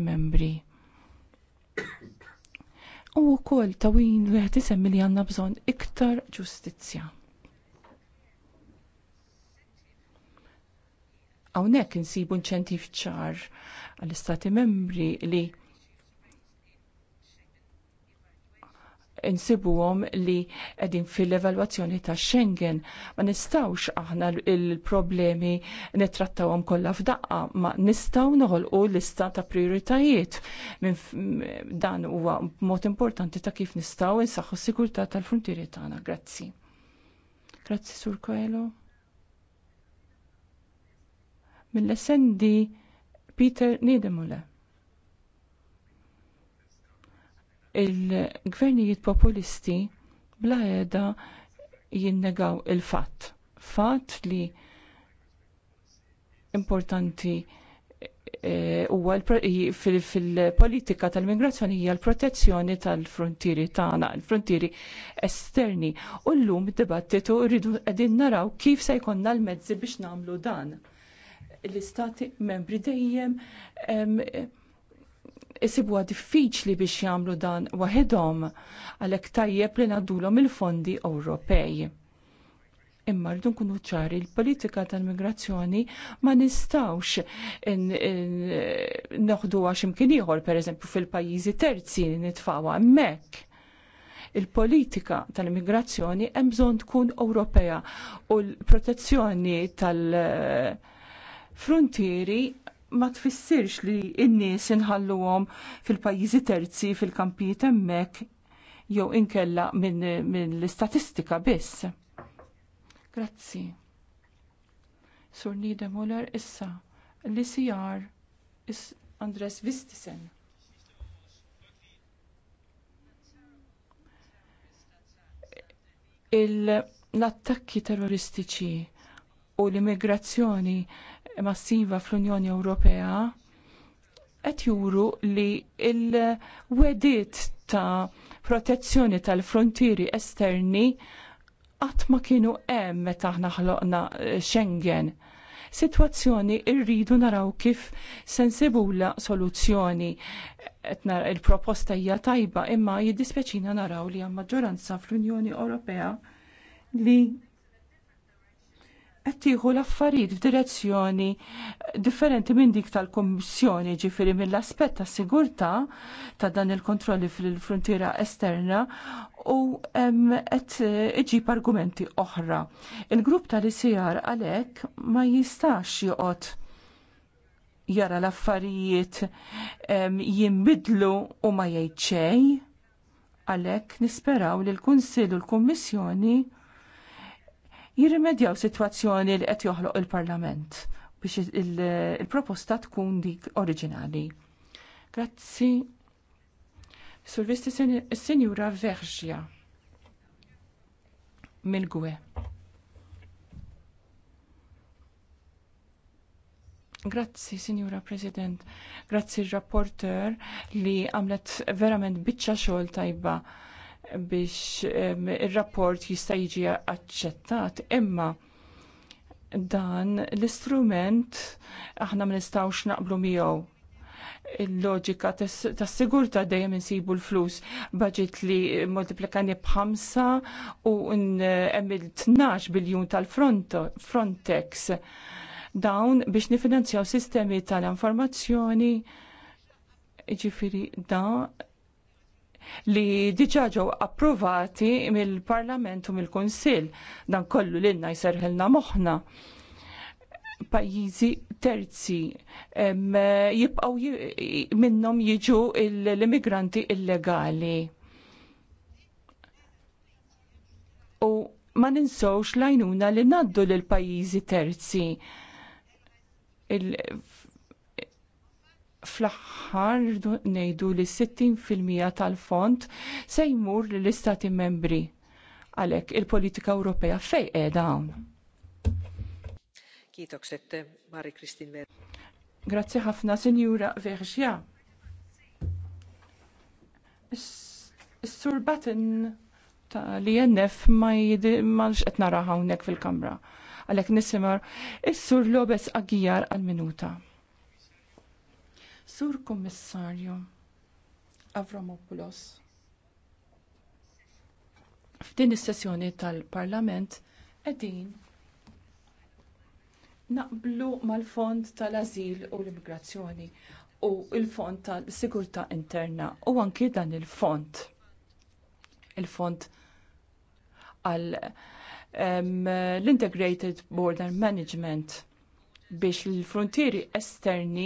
membri. U wkoll tawin wieħed isemmi li għandna bżonn iktar ġustizzja. Hawnhekk insibu nċentif ċar għall-istati membri li insibuhom li qegħdin fil-evalwazzjoni ta' Schengen. Ma nistawx aħna il-problemi nittrattawhom kollha f'daqqa, ma nistgħu noħolqu lista ta' prioritajiet minn dan huwa mod importanti ta' kif nistgħu insaħħu s-sigurtà tal-frontieri tagħna. Grazzi. Grazzi Sur Koelo. Mill-essendi Peter Niedemule. il-gvernijiet populisti bla edha jinnegaw il-fatt. Fatt li importanti eh, huwa fil politika tal migrazzjoni hija l-protezzjoni tal-frontieri tagħna, l-frontieri esterni. U llum id-dibattitu rridu qegħdin naraw kif se jkollna l-mezzi biex nagħmlu dan. L-istati membri dejjem isibuha diffiċli biex jagħmlu dan waħedhom għalhekk tajjeb li ngħaddulhom il-fondi Ewropej. Imma rridu nkunu ċari l-politika tal-migrazzjoni ma nistawx noħduha x'imkien ieħor pereżempju fil-pajjiżi terzi nitfgħu hemmhekk. Il-politika tal-immigrazzjoni hemm bżonn tkun Ewropea u l-protezzjoni tal- frontieri ma tfissirx li n-nies inħalluhom fil-pajjiżi terzi fil-kampijiet hemmhekk jew inkella minn min l-istatistika biss. Grazzi. Sur Nida Muller issa li sijar is Andres Vistisen. l-attakki terroristiċi u l-immigrazzjoni massiva fl-Unjoni Ewropea qed juru li l-wedit ta' protezzjoni tal-frontieri esterni qatt ma kienu hemm meta aħna ħloqna eh, Schengen. Sitwazzjoni rridu naraw kif sensibula soluzzjoni. il-proposta hija tajba imma jiddispjaċina naraw li hemm maġġoranza fl-Unjoni Ewropea li qed tieħu l-affarijiet f'direzzjoni differenti minn dik tal-Kummissjoni, ġifieri mill-aspett tas-sigurtà ta' dan il-kontrolli fil-frontiera esterna u qed iġib argumenti oħra. Il-grupp tal-ICR għalhekk ma jistax joqgħod jara l-affarijiet jinbidlu u ma jgħid xejn għalhekk nisperaw li l-Kunsill u l-Kummissjoni jirrimedjaw situazzjoni li qed joħloq il-Parlament biex il-proposta tkun dik oriġinali. Grazzi. Survisti Senjura Verġja mil gwe Grazzi, Signora President. Grazzi, rapporteur li għamlet verament bitċa xogħol tajba biex ir-rapport jista' jiġi aċċettat imma dan l-istrument aħna ma nistgħux naqblu miegħu il-loġika tas sigurta dejjem insibu l-flus budget li multiplikani b'ħamsa u hemm il-12 biljun tal-Frontex dawn biex nifinanzjaw sistemi tal-informazzjoni ġifiri da li diġa ġew approvati mill-Parlament u mill-Kunsill. Dan kollu lilna jserħilna moħħna. Pajjiżi terzi jibqgħu minnhom jiġu l-immigranti illegali. U ma ninsowx lajnuna li naddu lill pajjiżi terzi fl-aħħar nirdu ngħidu li 60% tal-fond se jmur lill-istati membri. Għalhekk il-politika Ewropea fejn qiegħda hawn. Kitokset Mari Kristin Ver. Grazzi ħafna Sinjura Verġja. Is-Sur Batten li jennef ma jidimmalx qed nara hawnhekk fil-kamra. Għalhekk nisimar is-Sur Lobes Agijar għal-minuta. Sur Kummissarju Avramopoulos. F'din is-sessjoni tal-Parlament qegħdin naqblu mal-Fond tal-Ażil u l-Immigrazzjoni u l-Fond tal-Sigurtà Interna u anki dan il-Fond. Il-Fond għal l-Integrated Border Management biex l-frontieri esterni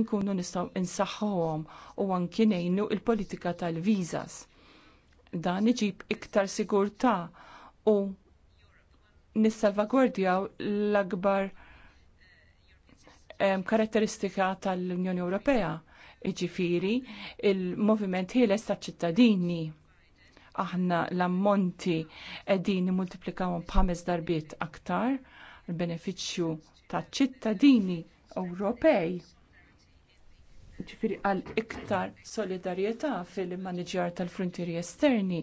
nkunu nistgħu insaħħuhom u anki ngħinu l politika tal-viżas. Dan iġib iktar sigurtà u nissalvagwardjaw l-akbar karatteristika tal-Unjoni Ewropea, jiġifieri il-moviment ħieles taċ ċittadini aħna l-ammonti qegħdin multiplikawhom b'ħames darbiet aktar l benefiċċju taċ ċittadini Ewropej. Ġifieri għal iktar solidarjetà fil-maniġjar tal-frontieri esterni.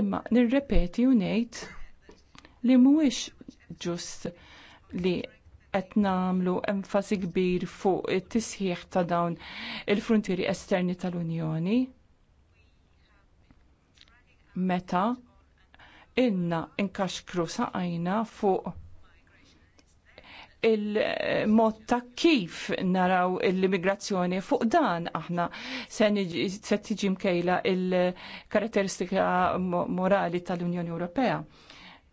Imma nirrepeti u ngħid li mhuwiex ġust li qed nagħmlu enfasi kbir fuq it-tisħiħ ta' dawn il-frontieri esterni tal-Unjoni? Meta inna inkaxkru saqajna fuq il-mod ta' kif naraw l-immigrazzjoni fuq dan aħna se tiġi mkejla il-karatteristika morali tal-Unjoni Ewropea.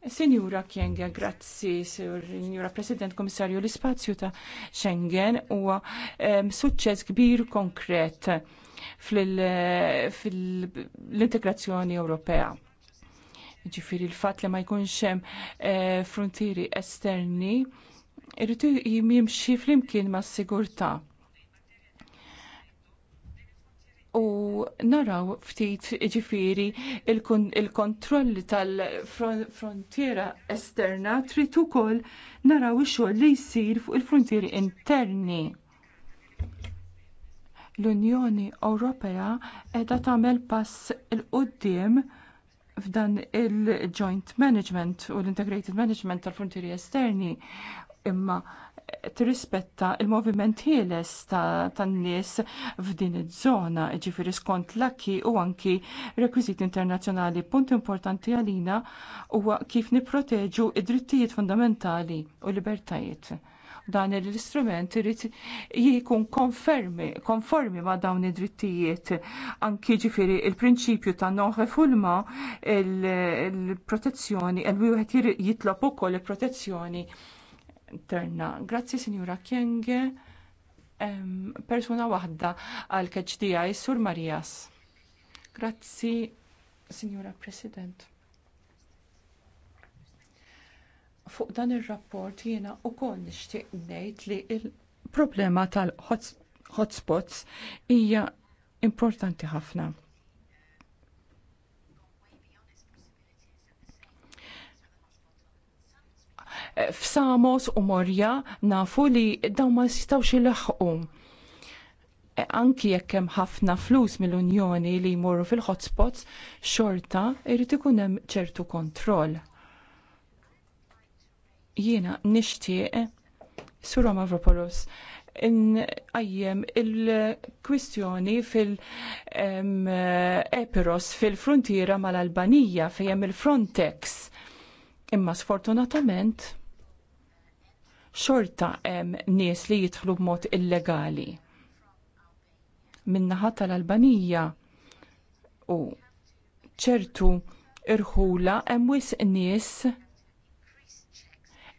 Sinjura Kienga, grazzi, Senjura President Komissarju, l-ispazju ta' Schengen huwa suċċess kbir konkret fil-integrazzjoni Ewropea. Ġifiri l-fat li ma jkunx hemm eh, frontieri esterni irridu jimxi flimkien ma' sigurtà. U naraw ftit ġifiri il-kontrolli tal-frontiera esterna trid ukoll naraw ix-xogħol li jsir fuq il-frontieri interni. L-Unjoni Ewropea qiegħda tagħmel pass il quddiem f'dan il-joint management u l-integrated management tal-frontieri esterni imma tirrispetta l moviment ħieles tan-nies f'din iż-żona, ġifieri skont l-akki u anki rekwiżiti internazzjonali. Punt importanti għalina huwa kif nipproteġu id-drittijiet fundamentali u libertajiet. Dan l-istrument irid jikun konfermi, konformi ma' dawn id-drittijiet. Anki jiġifieri l prinċipju ta' noħe fulma il-protezzjoni, il-wieħed jitlob ukoll il-protezzjoni il protezzjoni interna. Grazzi, Sinjura Kienge. Persuna waħda għal keċdija, Sur Marijas. Grazzi, Signora President. Fuq dan ir-rapport jiena wkoll nixtieq ngħid li l problema tal-hotspots hija importanti ħafna Eh, F'Samos u Morja nafu li daw ma jistawx ilaħqu. Eh, anki jekk hemm ħafna flus mill-Unjoni li jmorru fil-hotspots, xorta jrid ikun hemm ċertu kontroll. Jiena nixtieq Sur Mavropoulos, għajjem il-kwistjoni fil-Epiros fil-frontiera mal-Albanija fejjem il-Frontex. Imma sfortunatament xorta hemm nies li jidħlu b'mod illegali. Min-naħa tal-Albanija u ċertu irħula hemm wis nies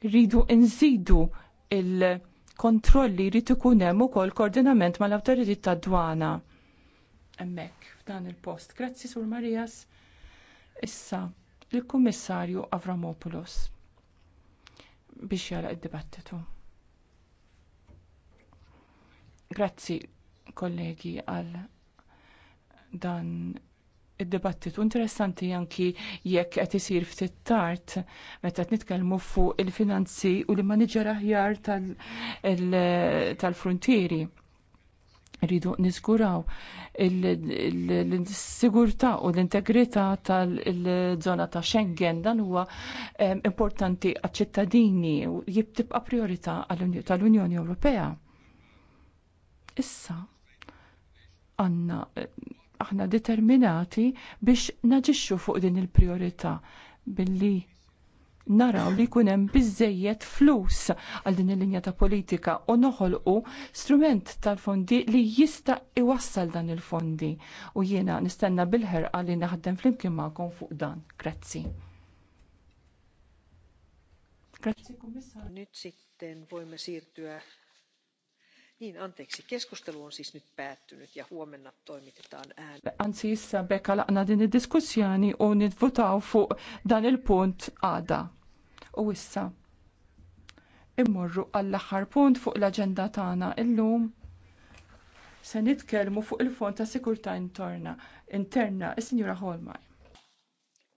rridu nżidu il-kontrolli jrid ikun hemm ukoll koordinament mal-awtoritiet tad-dwana. Hemmhekk f'dan il-post. Grazzi Sur Marias. Issa, il-Kummissarju Avramopoulos biex jara id-dibattitu. Grazzi kollegi għal dan id-dibattitu interessanti anki jekk qed isir ftit tard meta qed nitkellmu fuq il-finanzi u l-maniġer aħjar tal-frontieri. Tal rridu niżguraw l-sigurtà u l-integrità tal-żona ta' Schengen dan huwa ehm, importanti għaċ-ċittadini u jibtibqa' priorità tal-Unjoni Ewropea. Issa għandna eh, aħna determinati biex naġixxu fuq din il-priorità billi naraw li jkun hemm flus għal din il-linja ta' politika u noħolqu strument tal-fondi li jista' iwassal dan il-fondi. U jiena nistenna bil-ħerqa li naħdem flimkien ma'kom fuq dan. Grazzi. Grazzi, Kummissar. Nyt sitten voimme siirtyä Niin, anteeksi, keskustelu on siis nyt päättynyt ja huomenna toimitetaan ääni. Anzi, issa Bekka laqna din id-diskussjoni u nivvutaw fuq dan il-punt għada. U issa, immorru għall-aħħar punt fuq l-agenda tagħna illum se nitkellmu fuq il-Fond ta' Sikurtà Interna, interna is-Sinjura Holmaj.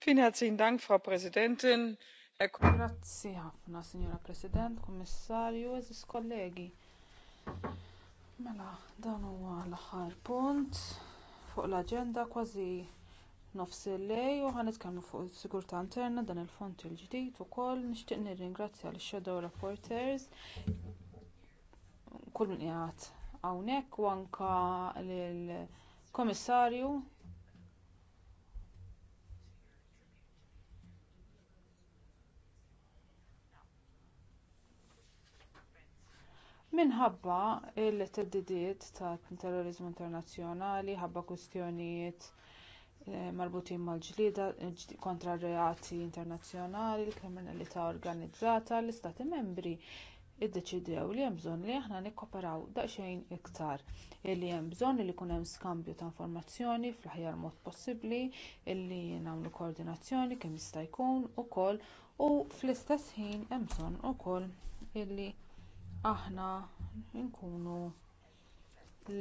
Vielen herzlichen Dank, Frau Präsidentin. Grazzi ħafna, Sinjura President, Kommissarju, eżis kollegi Mela, dan huwa l-aħħar punt fuq l-aġenda kważi nofs il-lej u ħanitkellmu fuq is-sigurtà interna dan il-fond il-ġdid ukoll nixtieq nirringrazzja l shadow rapporteurs kull min qiegħed hawnhekk u anke lill-kummissarju minħabba l theddidiet tat-terrorizmu internazzjonali ħabba kwistjonijiet eh, marbutin mal-ġlieda kontra r-reati internazzjonali l kriminalità organizzata l-istati membri iddeċidew li hemm bżonn li aħna nikkooperaw daqsxejn iktar illi hemm bżonn li jkun hemm skambju ta' informazzjoni fl-aħjar mod possibbli illi nagħmlu koordinazzjoni kemm jista' jkun ukoll u fl-istess ħin hemm bżonn ukoll illi aħna nkunu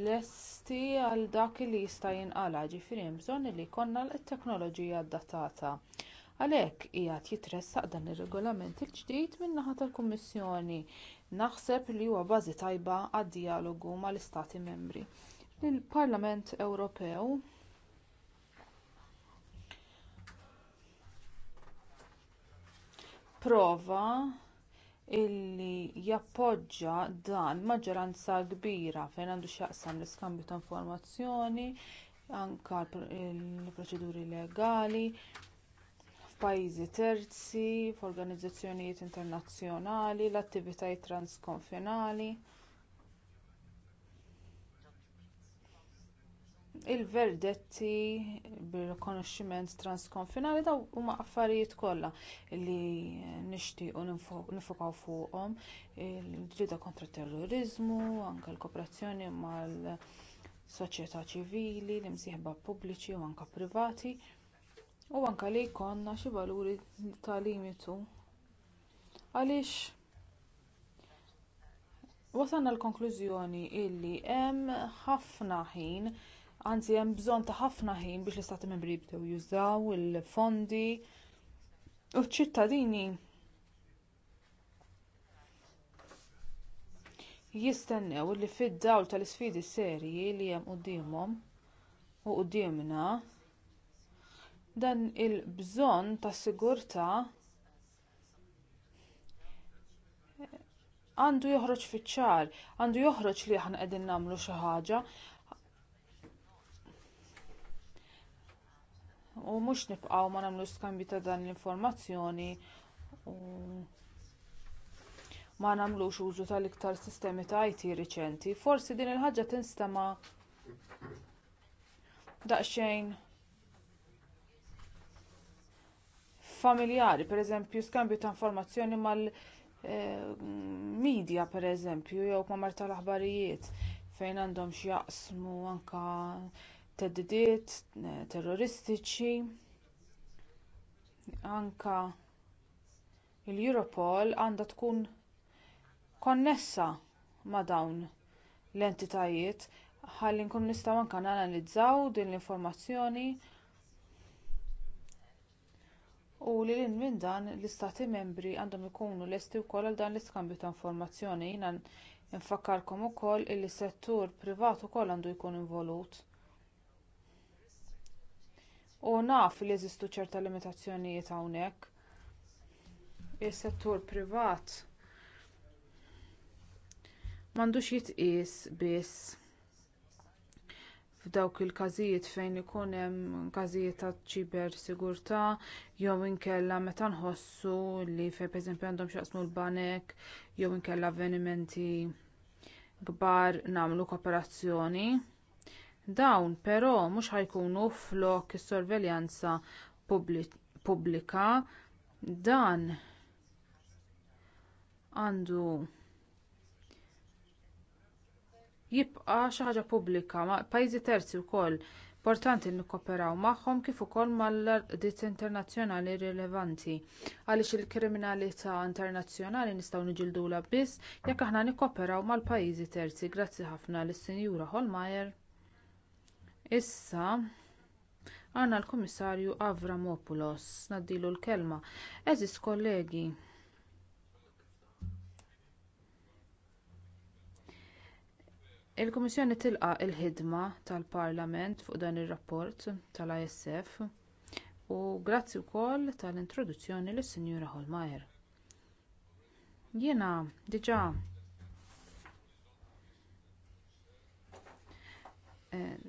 lesti għal dak li jista' jinqala ġifieri hemm bżonn li jkollna t-teknoloġija adattata għalhekk hija jitressaq dan ir-regolament il-ġdid min-naħa tal-kummissjoni naħseb li huwa bażi tajba għad-dijalogu mal-istati membri il-parlament ewropew prova illi jappoġġja dan maġġoranza kbira fejn għandu x'jaqsam l-iskambju ta' informazzjoni anke l-proċeduri legali f'pajjiżi terzi f'organizzazzjonijiet internazzjonali l-attivitajiet transkonfinali il-verdetti bir-rikonoxximent transkonfinali dawn huma affarijiet kollha li nixtiequ nifukaw fuqhom il-ġlieda kontra t terrorizmu anke l-kooperazzjoni mal soċjetà ċivili li msieħba pubbliċi u anke privati u anke li jkollna xi valuri ta' limitu għaliex wasalna l-konklużjoni li hemm ħafna ħin anzi hemm bżonn ta' ħafna ħin biex l-istati membri jibdew jużaw il-fondi u ċ-ċittadini jistennew li fid-dawl tal-isfidi serji li hemm quddiemhom u quddiemna, dan il-bżonn ta' sigurtà għandu joħroġ fiċ-ċar għandu joħroġ li aħna qegħdin nagħmlu xi ħaġa u mhux nibqgħu ma nagħmlu skambju ta' dan l-informazzjoni u ma nagħmlux użu tal-iktar sistemi ta' IT riċenti. Forsi din il-ħaġa tinstema' daqsxejn familjari, pereżempju skambju ta' informazzjoni mal-midja eh, pereżempju jew ma' marta l-aħbarijiet fejn għandhom x'jaqsmu anke theddidiet eh, terroristiċi anke l-europol għandha tkun konnessa ma' dawn l-entitajiet ħalli nkunu nistgħu anke nanalizzaw din l-informazzjoni u lil hinn minn dan l-istati membri għandhom ikunu lesti wkoll għal dan l-iskambju ta' informazzjoni jiena infakkarkom ukoll li s-settur privat ukoll għandu jkun involut u naf li jeżistu ċerta limitazzjonijiet hawnhekk is-settur privat m'għandux jitqies biss f'dawk il-każijiet fejn ikun hemm każijiet ta' ċibersigurtà jew inkella meta nħossu li fejn pereżempju għandhom x'jaqsmu l-banek jew inkella avvenimenti kbar nagħmlu kooperazzjoni dawn però mhux ħajkunu flok is-sorveljanza pubblika dan għandu jibqa' xi ħaġa pubblika ma' pajjiżi terzi wkoll importanti li nikkooperaw magħhom kif ukoll mal-qdiet internazzjonali rilevanti għaliex il-kriminalità internazzjonali nistgħu niġilduha biss jekk aħna nikkooperaw mal-pajjiżi terzi grazzi ħafna lis-sinjura hallmeyer issa għandna l-kummissarju avramopoulos ngħaddilu l-kelma eżis kollegi il-kummissjoni tilqa l-ħidma tal-parlament fuq dan ir-rapport tal-isf u grazzi wkoll tal-introduzzjoni lis-sinjura hohlmeier jiena diġà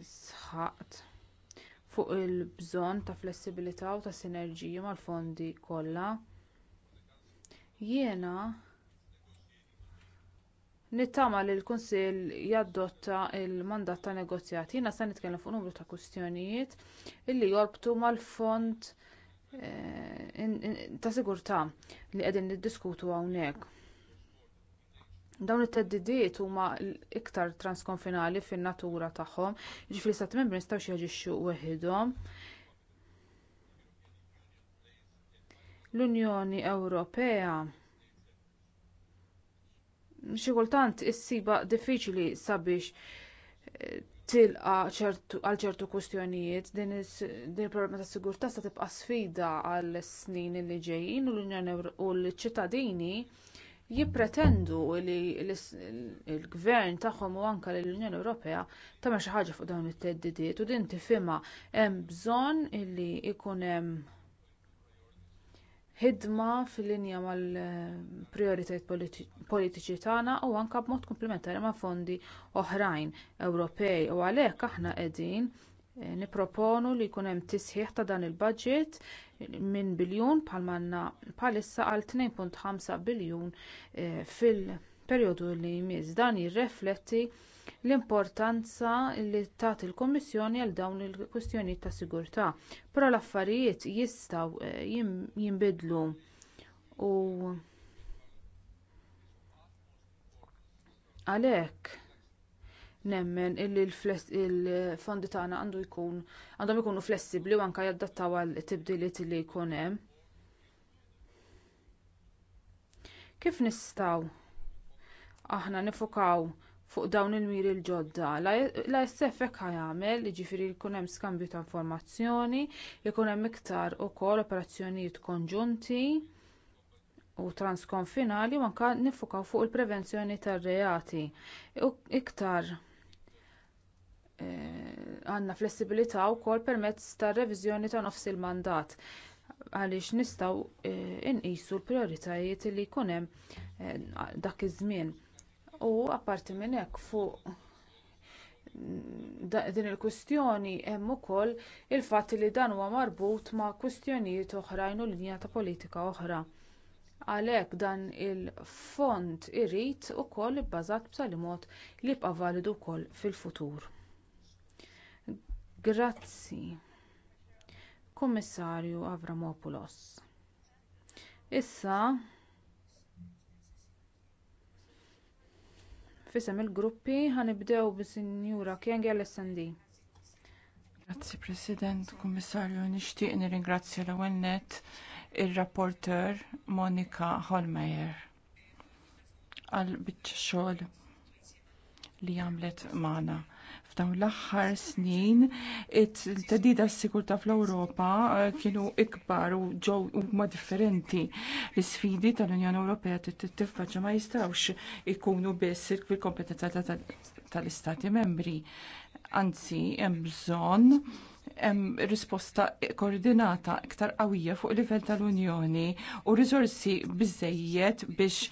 sħaqt fuq il-bżonn ta' flessibilità u ta' sinerġija mal-fondi kollha jiena nittama li l-kunsill jaddotta l-mandat tan negozjat. jiena se nitkellem fuq numru ta' kwistjonijiet li jorbtu mal-fond eh, ta' sigurtà li qegħdin niddiskutu hawnhekk dawn it-theddidiet huma iktar transkonfinali fin-natura tagħhom jiġifieri l-istati membri ma jistgħux jaġixxu waħedhom l-unjoni ewropea xi kultant issibha diffiċli sabiex eh, tilqa għal ċertu kwistjonijiet din il-problema tas-sigurtà sa tibqa' sfida għal snin li ġejjin u l-ċittadini jippretendu li l-gvern tagħhom u anke l-Unjoni Ewropea tagħmel xi ħaġa fuq dawn it-theddidiet u din tifhimha hemm bżonn li jkun hemm ħidma fil-linja mal-prijoritajiet politiċi tagħna u anke b'mod komplementari ma' fondi oħrajn Ewropej u għalhekk aħna qegħdin eh, nipproponu li jkun hemm tisħiħ ta' dan il-baġit minn biljun bħal manna bħalissa għal 2.5 biljun eh, fil-perjodu li jmiss. Dan jirrefletti l-importanza li tagħti il kummissjoni għal dawn il-kwistjonijiet ta' sigurtà. Però l-affarijiet jistgħu eh, jinbidlu u għalhekk nemmen illi l-fondi tagħna għandu jkun għandhom ikunu flessibbli u anke jaddattaw għal tibdiliet li jkun hemm. Kif nistgħu aħna nifukaw fuq dawn il-miri l-ġodda l jessef hekk ħajamel ġifiri jkun hemm skambju ta' informazzjoni jkun hemm iktar ukoll operazzjonijiet konġunti u transkonfinali u anke nifukaw fuq il-prevenzjoni tar-reati iktar għandna flessibilità wkoll permezz tar-reviżjoni ta' nofs il-mandat għaliex nistgħu nqisu e, inqisu l-prijoritajiet li jkun hemm e, dak iż-żmien. U apparti minn hekk fuq din il-kwistjoni hemm ukoll il-fatt li dan huwa marbut ma' kwistjonijiet oħrajn u linja ta' politika oħra. Għalhekk dan il-fond irid ukoll ibbażat b'sali mod li jibqa' validu wkoll fil-futur. Grazzi. Kummissarju Avramopoulos. Issa fisem il-gruppi ħanibdew bis-Sinjura Kienge l-SND. Grazzi President, Kummissarju, nixtieq nirringrazzja l-ewwel nett ir-rapporter Monika Holmeyer għal biċċa xogħol li għamlet magħna F'dawn l-aħħar snin, it-tedida s-sigurta fl-Ewropa eh, kienu ikbar u ġew huma differenti. L-isfidi tal-Unjoni Ewropea tittifaċa ma jistgħux ikunu biss il kompetenza tal-Istati membri. Anzi, hemm bżonn hemm risposta koordinata iktar qawwija fuq livell tal-Unjoni u riżorsi biżejjed biex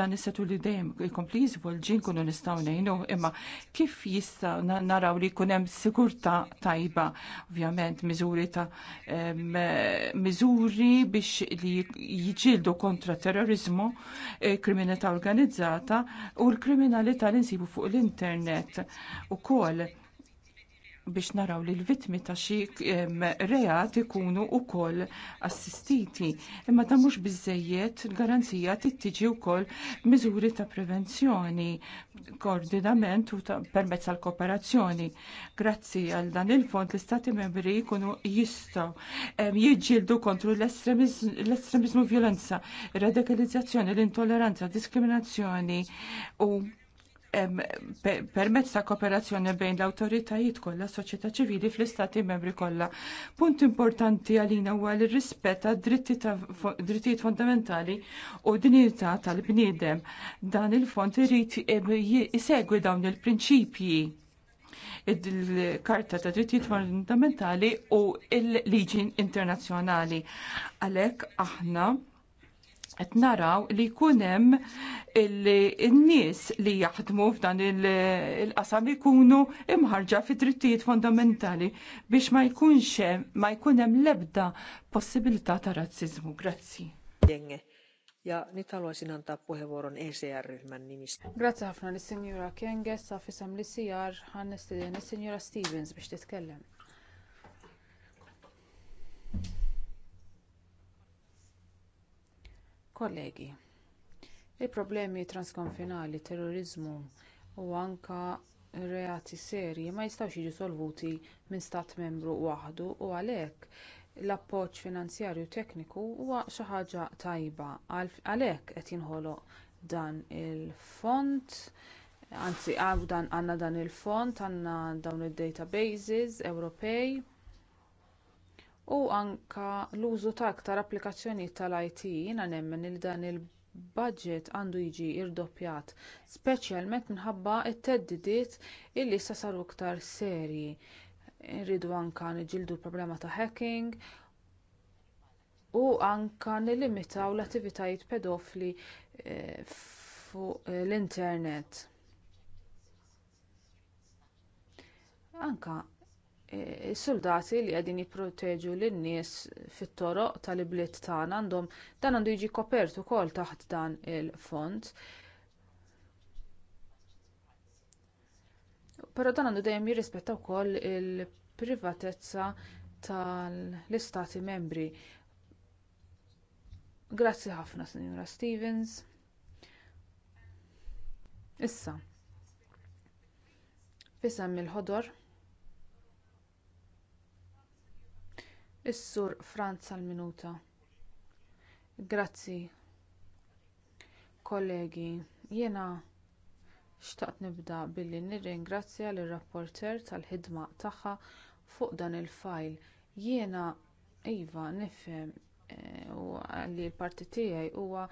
dan is-setu li dejjem jkompli jiżvolġi nkunu nistgħu ngħinu imma kif jista' naraw li jkun hemm sigurtà tajba ovvjament miżuri ta' miżuri biex li jiġildu kontra terrorizmu, eh, kriminalità organizzata u l-kriminalità li nsibu fuq l-internet ukoll biex naraw li l-vittmi ta' xi reat ikunu wkoll assistiti. Imma dan mhux biżżejjed garanzija tittiġi wkoll miżuri ta' prevenzjoni, koordinament u permezz tal kooperazzjoni. Grazzi għal dan il-fond l-istati membri jkunu jistgħu jiġġieldu kontru l-estremizmu violenza, radikalizzazzjoni, l-intolleranza, diskriminazzjoni u permezz ta' kooperazzjoni bejn l-awtoritajiet kollha soċjetà ċivili fl-istati membri kollha. Punt importanti għalina huwa l rispett ta' drittijiet fondamentali u dinjità tal-bniedem. Dan il-fond irid jisegwi dawn il-prinċipji il-karta ta' drittijiet fondamentali u l liġi internazzjonali. Għalhekk aħna qed naraw li jkun hemm in-nies li jaħdmu f'dan il-qasam ikunu imħarġa fi drittijiet fondamentali biex ma jkunx hemm ma jkun hemm l-ebda possibilità ta' razziżmu. Grazzi. Ja nitaloisin antaa puheenvuoron ECR-ryhmän nimistä. Grazie ħafna lis senjura Kenge, sa fissam li sijar ħan nistiden is senjura Stevens biex titkellem. kollegi il-problemi transkonfinali terroriżmu u anke reati serji ma jistgħux jiġu solvuti minn stat membru waħdu u għalhekk l-appoġġ finanzjarju tekniku huwa xi ħaġa tajba għalhekk qed jinħoloq dan il-fond anzi għandna dan il-fond għandna dawn id-databases ewropej u anke l-użu ta' aktar applikazzjonijiet tal-IT jiena nemmen li dan il-baġit għandu jiġi rdoppjat speċjalment minħabba t-theddidiet illi issa saru iktar serji irridu anke niġġieldu l-problema ta' hacking u anke nilimitaw l-attivitajiet pedofli eh, fuq l-internet anke is-soldati li qegħdin jipproteġu lin-nies fit-toroq tal-ibliet tagħna għandhom dan għandu jiġi kopert ukoll taħt dan il-fond però dan għandu dejjem jirrispetta wkoll il-privatezza tal-istati membri grazzi ħafna Signora stevens issa f'isem il-ħodor Is-Sur Franz għal minuta Grazzi. Kollegi, jiena xtaqt nibda billi nirringrazzja lir rapporter tal-ħidma tagħha fuq dan il-fajl. Jiena iva nifhem eh, li l-parti tiegħi huwa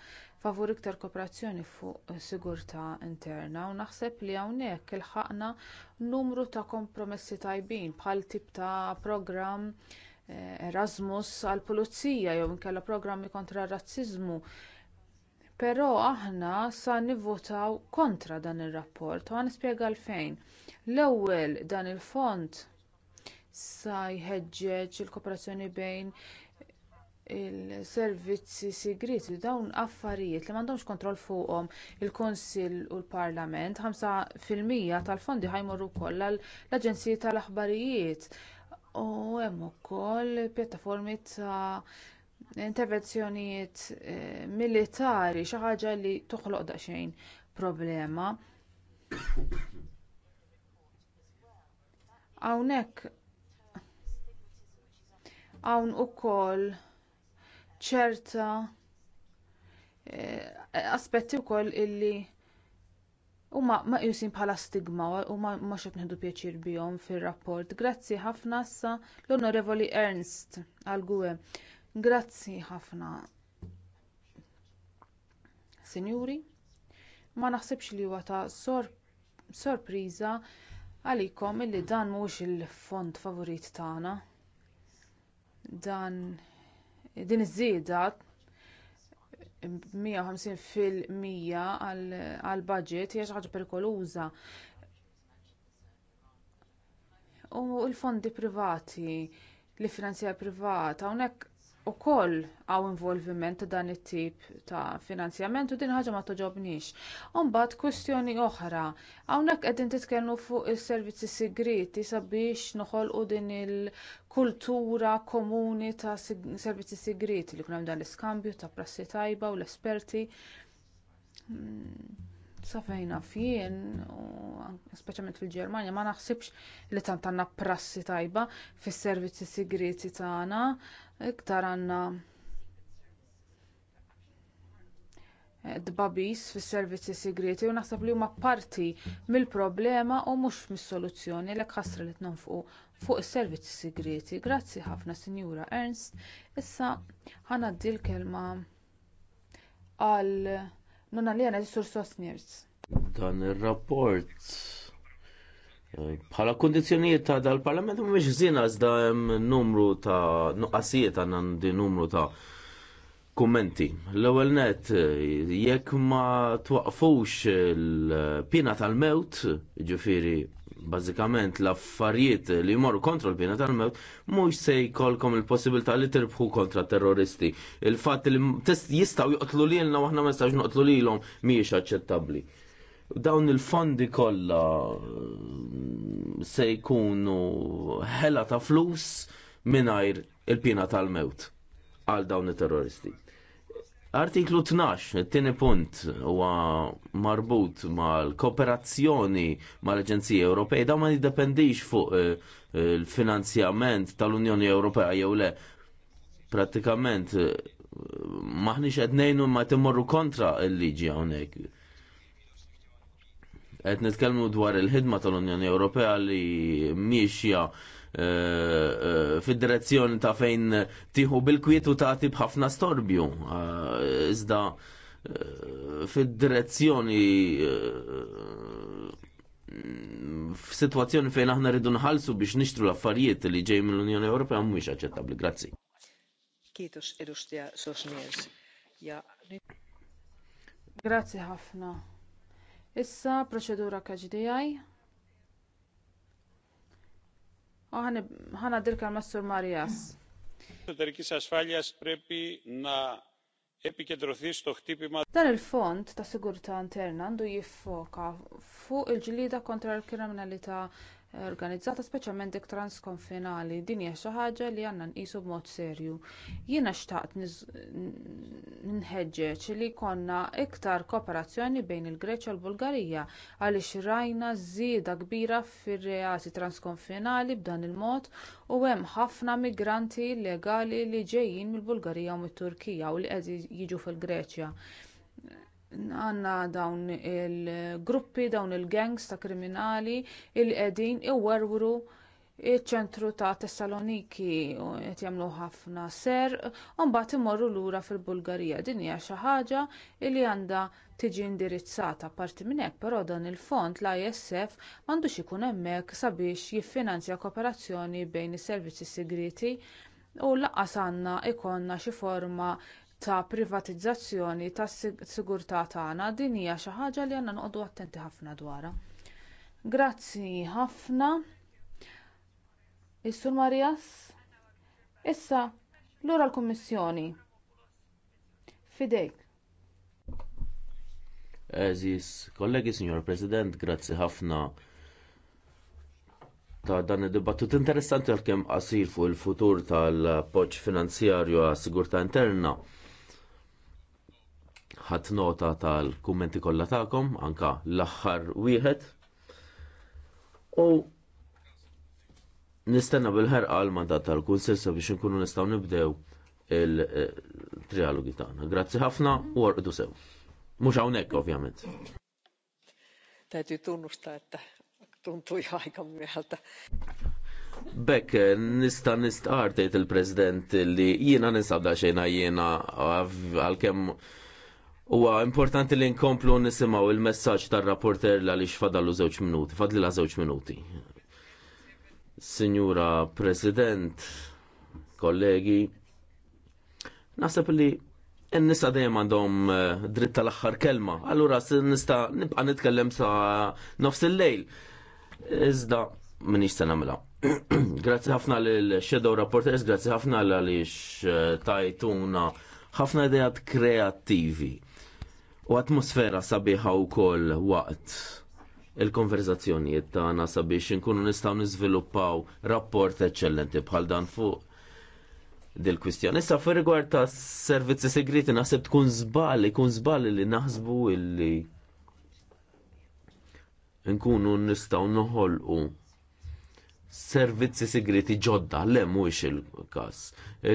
favur iktar kooperazzjoni fuq sigurtà interna u naħseb li hawnhekk ilħaqna numru ta' kompromessi tajbin bħal tip ta' programm Erasmus għall pulizija jew inkella programmi kontra r razziżmu. Però aħna sa nivvotaw kontra dan ir-rapport u nispjega għalfejn. L-ewwel dan il-fond sa jħeġġeġ il-kooperazzjoni bejn il-servizzi segreti dawn affarijiet li m'għandhomx kontroll fuqhom il-kunsill u l-parlament 5% tal-fondi ħajmorru wkoll l aġenziji tal-aħbarijiet u hemm ukoll pjattaformi ta' intervenzjonijiet eh, militari xi ħaġa li toħloq daqsxejn problema hawnhekk hawn ukoll ċerta eh, aspetti wkoll illi ma meqjusin bħala stigma u ma xed nieħdu pjaċir bihom fir-rapport. Grazzi ħafna issa l-Onorevoli Ernst għal gwe. Grazzi ħafna. Sinjuri, ma naħsibx li huwa ta' sorpriża għalikom illi dan mhuwiex il-fond favorit tagħna. Dan din iż-żieda 150 fil-mija għall baġit hija xi ħaġa perikoluża. U l-fondi privati, l-finanzjar privat, hawnhekk koll hawn involviment ta' dan it-tip ta' finanzjament u din ħaġa ma toġobnix. Imbagħad kwistjoni oħra, hawnhekk għedin titkellmu fuq is-servizzi segreti sabiex noħolqu din il-kultura komuni ta' servizzi segreti li kunem hemm dan l-iskambju ta' prassi tajba u l-esperti. Hmm, Safajna fejna fien, speċjalment fil-Ġermanja, ma naħsibx li tantanna prassi tajba fis-servizzi segreti tagħna iktar għandna eh, dbabis fis-servizzi segreti u naħseb li huma parti mill-problema u mhux mis-soluzzjoni għalhekk ħasra li tnonfqu fuq is-servizzi segreti. Grazzi ħafna Sinjura Ernst. Issa ħanaddi l-kelma għal nonna li għana sur Sosniers. Dan ir-rapport Bħala kondizjoniet ta' dal-parlament mhumiex zina zda hemm numru ta' nuqqasiet għandna di numru ta' kummenti. L-ewwel net jekk ma twaqfux il-pina tal-mewt, ġifiri, bażikament l-affarijiet li jmorru kontra l-pina tal-mewt, mhux se jkollkom il-possibilità li terbħu kontra terroristi. Il-fatt li jistgħu joqtlu lilna u aħna ma li l lilhom mhijiex aċċettabbli dawn il-fondi kollha mm, se jkunu ħela ta' flus mingħajr il-pina tal-mewt għal dawn it-terroristi. Artiklu 12, it-tieni punt, huwa marbut mal-kooperazzjoni mal-Aġenziji Ewropej, dawn ma jiddependix fuq eh, eh, il-finanzjament tal-Unjoni Ewropea jew le. Pratikament eh, maħniex qed ngħinu ma timmorru kontra l-liġi hawnhekk. Qed nitkellmu dwar il-ħidma tal-Unjoni Ewropea li miexja eh, eh, fid-direzzjoni ta' fejn tiħu bil kwietu ta' tagħti b'ħafna storbju. Eh, iżda fid-direzzjoni f-situazzjoni fejn aħna rridu nħallsu biex nixtru l-affarijiet li ġej mill-Unjoni Ewropea mhuwiex aċċettabbli. Grazzi. Kitus edustaja Sosniers. Grazzi ħafna. Issa proċedura KGDI. Ħana dirka l-Massur Marijas. Εσωτερικής ασφάλειας πρέπει να επικεντρωθεί στο χτύπημα. Dan il-fond ta' sigurta interna għandu jiffoka fuq il-ġlida kontra l kriminalita organizzata speċjalment dik transkonfinali din hija xi ħaġa li għandna nqisu b'mod serju jiena xtaqt nħeġġeġ li jkollna iktar kooperazzjoni bejn il-greċja u l-bulgarija għaliex rajna żieda kbira fir-reati transkonfinali b'dan il-mod u hemm ħafna migranti illegali li ġejjin mill-bulgarija u mit-turkija u li qed jiġu fil-greċja għanna dawn il-gruppi, dawn il-gangs ta' kriminali il qegħdin iwerwru iċ-ċentru ta' Tessaloniki qed jagħmlu ħafna serq u mbagħad imorru lura fil-Bulgarija. Din hija xi ħaġa li għandha tiġi indirizzata parti minn hekk però dan il-fond l-ISF m'għandux ikun hemmhekk sabiex jiffinanzja kooperazzjoni bejn is-servizzi segreti u lanqas għandna jkollna xi forma ta' privatizzazzjoni tas-sigurtà tagħna din hija xi ħaġa li għandna noqogħdu attenti ħafna dwarha. Grazzi ħafna. Is-Sur Marias. Issa lura l-Kummissjoni. Fidejk. Eżis, kollegi, Signor President, grazzi ħafna ta' dan id-dibattut interessanti għalkemm qasir fuq il-futur tal-appoġġ finanzjarju għas sigurtà interna ħat nota tal-kummenti kollha tagħkom anke l-aħħar wieħed. U nistenna bil-ħerqa l-mandat tal-Kunsil sabiex inkunu nistgħu nibdew il-trialogi tagħna. Grazzi ħafna u orqdu sew. Mhux hawnhekk ovvjament. Täytyy tunnustaa, että tuntu jħajka mħalta. Bekk, nista nistqar tgħid il-President li jiena ninsab xejna jiena għalkemm Huwa importanti li nkomplu nisimgħu il-messaġġ tar-rapporter li għaliex fadallu żewġ minuti, la zewċ minuti. Sinjura President, kollegi, naħseb li n-nisa dejjem għandhom eh, dritt tal-aħħar kelma, allura nista' nibqa' nitkellem sa nofs il-lejl. Iżda minix se nagħmilha. grazzi ħafna lil Shadow rapporters, grazzi ħafna għaliex eh, tajtuna ħafna idejat kreattivi u atmosfera sabiħa wkoll waqt il-konverzazzjonijiet tagħna sabiex inkunu nistgħu niżviluppaw rapport eċċellenti bħal dan fuq dil kwistjoni Issa fi rigward ta' servizzi segreti naħseb tkun żball, ikun żball li naħsbu illi nkunu nistgħu noħolqu servizzi segreti ġodda, le mhuwiex il-każ.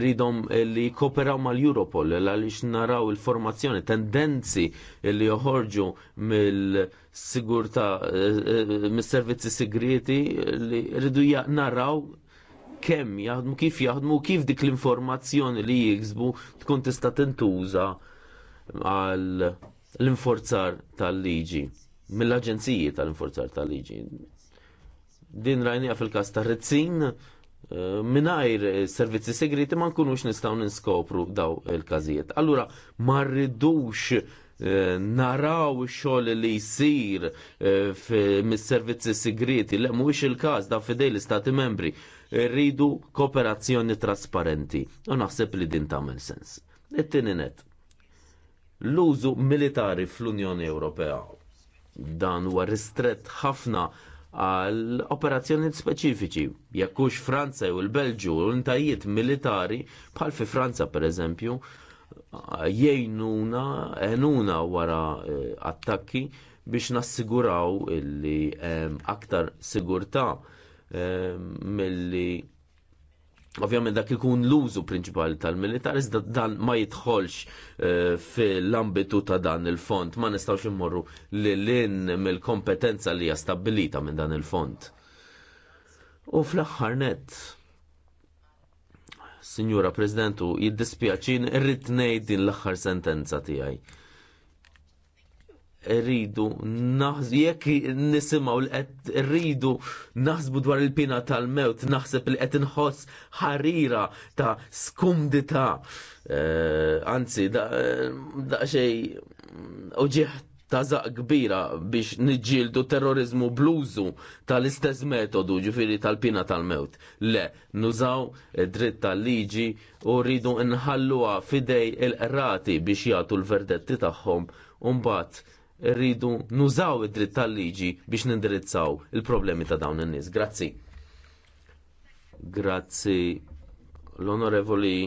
Ridhom li kooperaw mal-Europol għaliex naraw il-formazzjoni, tendenzi li joħorġu mill-sigurta eh, eh, mis-servizzi segreti li rridu naraw kemm jaħdmu kif jaħdmu kif dik l-informazzjoni li jiksbu tkun tista' tintuża għal l-inforzar tal-liġi mill-aġenziji tal-inforzar tal-liġi Din rajnija fil-kas ta' Rizzin eh, minajr eh, servizzi segreti ma nkunux nistaw ninskopru daw il-każijiet. Allura ma rridux eh, naraw xogħol li jsir mis-servizzi segreti le mhuwiex il-każ da f'idejli Stati membri rridu kooperazzjoni trasparenti. U naħseb li din tagħmel sens. it L-użu militari fl-Unjoni Ewropea dan huwa ristrett ħafna għal operazzjonijiet speċifiċi. Jekk hux Franza u l-Belġu u ntajiet militari bħal fi Franza pereżempju jgħinuna għenuna wara eh, attakki biex nassiguraw illi eh, aktar sigurtà eh, milli Ovvjament dak ikun l-użu prinċipali tal militaris dan ma jidħolx eh, fil-ambitu ta' dan il-fond, ma nistawx immorru li l-in mill-kompetenza li hija minn dan il-fond. U fl-aħħar net, Signora Presidentu, jiddispjaċin irrid ngħid din l-aħħar sentenza tiegħi rridu jekk nisimgħu li qed rridu naħsbu dwar il-pina tal-mewt naħseb li qed inħoss ħarira ta' skumdità eh, anzi da' xejn uġieħ ta' zaq kbira biex niġġieldu terrorizmu bluzu tal-istess metodu ġifiri tal-pina tal-mewt. Le, nużaw dritt tal-liġi u rridu nħalluha fidej il-qrati biex jagħtu l-verdetti tagħhom u mbagħad rridu nużaw id-dritt tal-liġi biex nindirizzaw il-problemi ta' dawn in-nies. Grazzi. Grazzi l-Onorevoli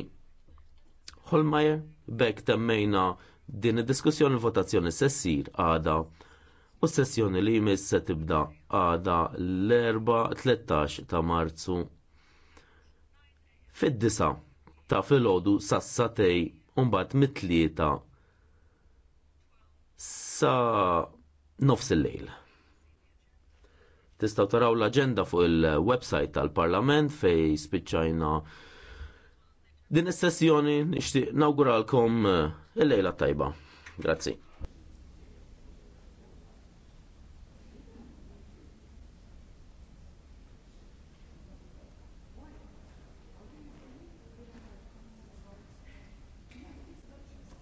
Holmeyer bekk temmejna din id-diskussjoni votazzjoni sessir għada u sessjoni li jmiss se tibda għada l-4-13 ta' marzu fid-disa ta' filgħodu sassatej u mbagħad mit-tlieta issa nofs il-lejl. Tistaw taraw l-agenda fuq il-website tal-Parlament fej spiċċajna din is-sessjoni nixtieq nawguralkom eh, il-lejla tajba. Grazzi.